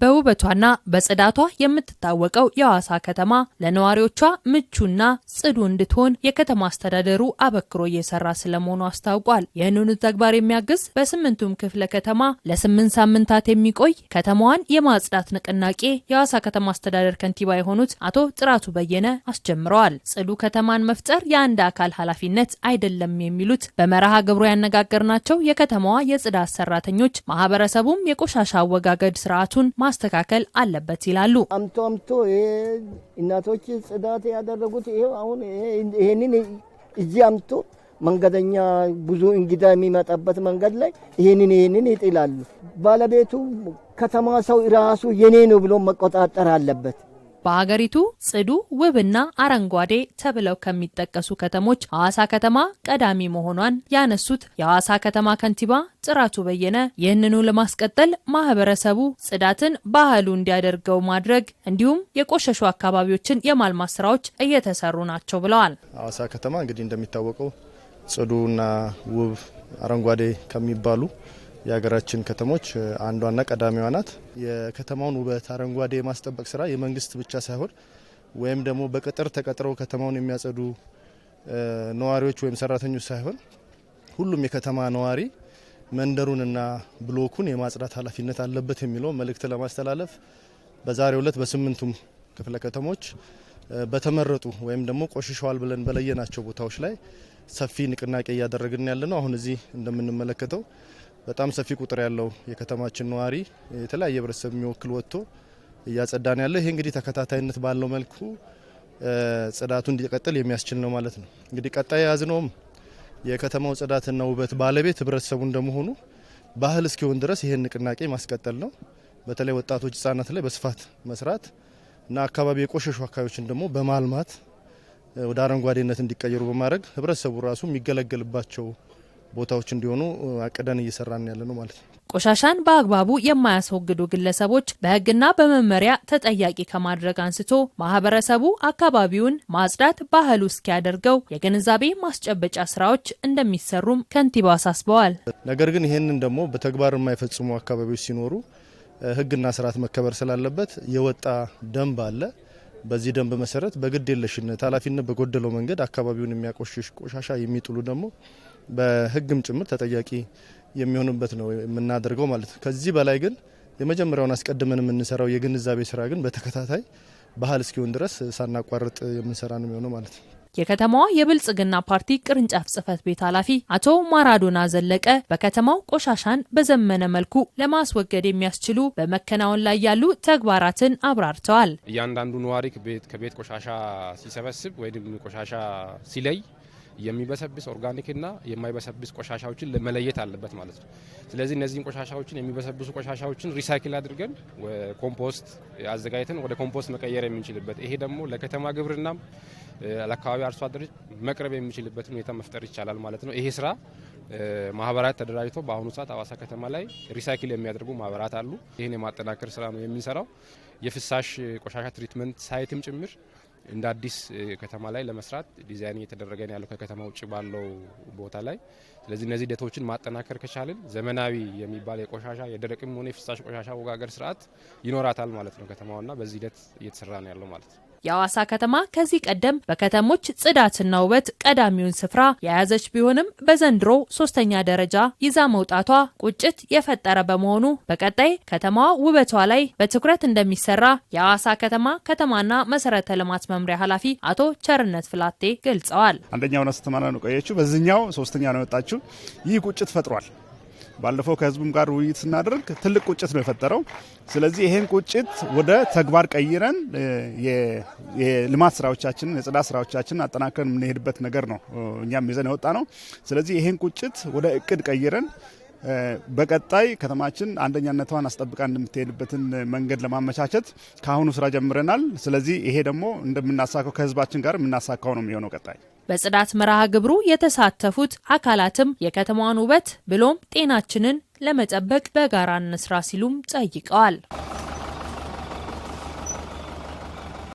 በውበቷና በጽዳቷ የምትታወቀው የሐዋሳ ከተማ ለነዋሪዎቿ ምቹና ጽዱ እንድትሆን የከተማ አስተዳደሩ አበክሮ እየሰራ ስለመሆኑ አስታውቋል። ይህንኑ ተግባር የሚያግዝ በስምንቱም ክፍለ ከተማ ለስምንት ሳምንታት የሚቆይ ከተማዋን የማጽዳት ንቅናቄ የሐዋሳ ከተማ አስተዳደር ከንቲባ የሆኑት አቶ ጥራቱ በየነ አስጀምረዋል። ጽዱ ከተማን መፍጠር የአንድ አካል ኃላፊነት አይደለም የሚሉት በመርሃ ግብሩ ያነጋገርናቸው የከተማዋ የጽዳት ሰራተኞች ማህበረሰቡም የቆሻሻ አወጋገድ ስርዓቱን ማስተካከል አለበት ይላሉ። አምቶ አምቶ እናቶች ጽዳት ያደረጉት ይሄ አሁን ይሄንን እዚህ አምቶ መንገደኛ ብዙ እንግዳ የሚመጣበት መንገድ ላይ ይህንን ይህንን ይጥላሉ። ባለቤቱ ከተማ ሰው ራሱ የኔ ነው ብሎ መቆጣጠር አለበት። በሀገሪቱ ጽዱ ውብና አረንጓዴ ተብለው ከሚጠቀሱ ከተሞች ሐዋሳ ከተማ ቀዳሚ መሆኗን ያነሱት የሐዋሳ ከተማ ከንቲባ ጥራቱ በየነ ይህንኑ ለማስቀጠል ማህበረሰቡ ጽዳትን ባህሉ እንዲያደርገው ማድረግ እንዲሁም የቆሸሹ አካባቢዎችን የማልማት ስራዎች እየተሰሩ ናቸው ብለዋል። ሐዋሳ ከተማ እንግዲህ እንደሚታወቀው ጽዱና ውብ አረንጓዴ ከሚባሉ የሀገራችን ከተሞች አንዷና ቀዳሚዋ ናት። የከተማውን ውበት አረንጓዴ የማስጠበቅ ስራ የመንግስት ብቻ ሳይሆን ወይም ደግሞ በቅጥር ተቀጥረው ከተማውን የሚያጸዱ ነዋሪዎች ወይም ሰራተኞች ሳይሆን ሁሉም የከተማ ነዋሪ መንደሩንና ብሎኩን የማጽዳት ኃላፊነት አለበት የሚለው መልእክት ለማስተላለፍ በዛሬው ሁለት በስምንቱም ክፍለ ከተሞች በተመረጡ ወይም ደግሞ ቆሽሸዋል ብለን በለየናቸው ቦታዎች ላይ ሰፊ ንቅናቄ እያደረግን ያለ ነው። አሁን እዚህ እንደምንመለከተው በጣም ሰፊ ቁጥር ያለው የከተማችን ነዋሪ የተለያየ ህብረተሰብ የሚወክል ወጥቶ እያጸዳን ያለ ይሄ እንግዲህ ተከታታይነት ባለው መልኩ ጽዳቱ እንዲቀጥል የሚያስችል ነው ማለት ነው። እንግዲህ ቀጣይ የያዝነውም የከተማው ጽዳትና ውበት ባለቤት ህብረተሰቡ እንደመሆኑ ባህል እስኪሆን ድረስ ይህን ንቅናቄ ማስቀጠል ነው። በተለይ ወጣቶች፣ ህጻናት ላይ በስፋት መስራት እና አካባቢ የቆሸሹ አካባቢዎችን ደግሞ በማልማት ወደ አረንጓዴነት እንዲቀየሩ በማድረግ ህብረተሰቡ ራሱ የሚገለገልባቸው ቦታዎች እንዲሆኑ አቅደን እየሰራን ያለ ነው ማለት ነው። ቆሻሻን በአግባቡ የማያስወግዱ ግለሰቦች በሕግና በመመሪያ ተጠያቂ ከማድረግ አንስቶ ማህበረሰቡ አካባቢውን ማጽዳት ባህሉ እስኪያደርገው የግንዛቤ ማስጨበጫ ስራዎች እንደሚሰሩም ከንቲባ አሳስበዋል። ነገር ግን ይህንን ደግሞ በተግባር የማይፈጽሙ አካባቢዎች ሲኖሩ ሕግና ስርዓት መከበር ስላለበት የወጣ ደንብ አለ። በዚህ ደንብ መሰረት በግድ የለሽነት ኃላፊነት በጎደለው መንገድ አካባቢውን የሚያቆሽሽ ቆሻሻ የሚጥሉ ደግሞ በህግም ጭምር ተጠያቂ የሚሆኑበት ነው የምናደርገው ማለት ነው። ከዚህ በላይ ግን የመጀመሪያውን አስቀድመን የምንሰራው የግንዛቤ ስራ ግን በተከታታይ ባህል እስኪሆን ድረስ ሳናቋርጥ የምንሰራ ነው የሚሆነው ማለት ነው። የከተማዋ የብልጽግና ፓርቲ ቅርንጫፍ ጽህፈት ቤት ኃላፊ አቶ ማራዶና ዘለቀ በከተማው ቆሻሻን በዘመነ መልኩ ለማስወገድ የሚያስችሉ በመከናወን ላይ ያሉ ተግባራትን አብራርተዋል። እያንዳንዱ ነዋሪ ከቤት ቆሻሻ ሲሰበስብ ወይም ቆሻሻ ሲለይ የሚበሰብስ ኦርጋኒክና የማይበሰብስ ቆሻሻዎችን መለየት አለበት ማለት ነው። ስለዚህ እነዚህን ቆሻሻዎችን የሚበሰብሱ ቆሻሻዎችን ሪሳይክል አድርገን ኮምፖስት አዘጋጅተን ወደ ኮምፖስት መቀየር የምንችልበት ይሄ ደግሞ ለከተማ ግብርና ለአካባቢ አርሶ አደሮች መቅረብ የሚችልበትን ሁኔታ መፍጠር ይቻላል ማለት ነው። ይሄ ስራ ማህበራት ተደራጅቶ በአሁኑ ሰዓት አዋሳ ከተማ ላይ ሪሳይክል የሚያደርጉ ማህበራት አሉ። ይህን የማጠናከር ስራ ነው የምንሰራው የፍሳሽ ቆሻሻ ትሪትመንት ሳይትም ጭምር እንደ አዲስ ከተማ ላይ ለመስራት ዲዛይን እየተደረገ ያለው ከከተማ ውጭ ባለው ቦታ ላይ። ስለዚህ እነዚህ ሂደቶችን ማጠናከር ከቻልን ዘመናዊ የሚባል የቆሻሻ የደረቅም ሆነ የፍሳሽ ቆሻሻ አወጋገር ስርዓት ይኖራታል ማለት ነው ከተማዋና በዚህ ሂደት እየተሰራ ነው ያለው ማለት ነው። የአዋሳ ከተማ ከዚህ ቀደም በከተሞች ጽዳትና ውበት ቀዳሚውን ስፍራ የያዘች ቢሆንም በዘንድሮ ሶስተኛ ደረጃ ይዛ መውጣቷ ቁጭት የፈጠረ በመሆኑ በቀጣይ ከተማዋ ውበቷ ላይ በትኩረት እንደሚሰራ የአዋሳ ከተማ ከተማና መሰረተ ልማት መምሪያ ኃላፊ አቶ ቸርነት ፍላቴ ገልጸዋል። አንደኛው ነስተማና ነው ቆየችው፣ በዚህኛው ሶስተኛ ነው የወጣችው። ይህ ቁጭት ፈጥሯል። ባለፈው ከህዝቡም ጋር ውይይት ስናደርግ ትልቅ ቁጭት ነው የፈጠረው። ስለዚህ ይህን ቁጭት ወደ ተግባር ቀይረን የልማት ስራዎቻችንን የጽዳት ስራዎቻችንን አጠናክረን የምንሄድበት ነገር ነው እኛም ይዘን የወጣ ነው። ስለዚህ ይህን ቁጭት ወደ እቅድ ቀይረን በቀጣይ ከተማችን አንደኛነቷን አስጠብቃ እንደምትሄድበትን መንገድ ለማመቻቸት ከአሁኑ ስራ ጀምረናል። ስለዚህ ይሄ ደግሞ እንደምናሳካው ከህዝባችን ጋር የምናሳካው ነው የሚሆነው ቀጣይ። በጽዳት መርሃ ግብሩ የተሳተፉት አካላትም የከተማዋን ውበት ብሎም ጤናችንን ለመጠበቅ በጋራ እንስራ ሲሉም ጠይቀዋል።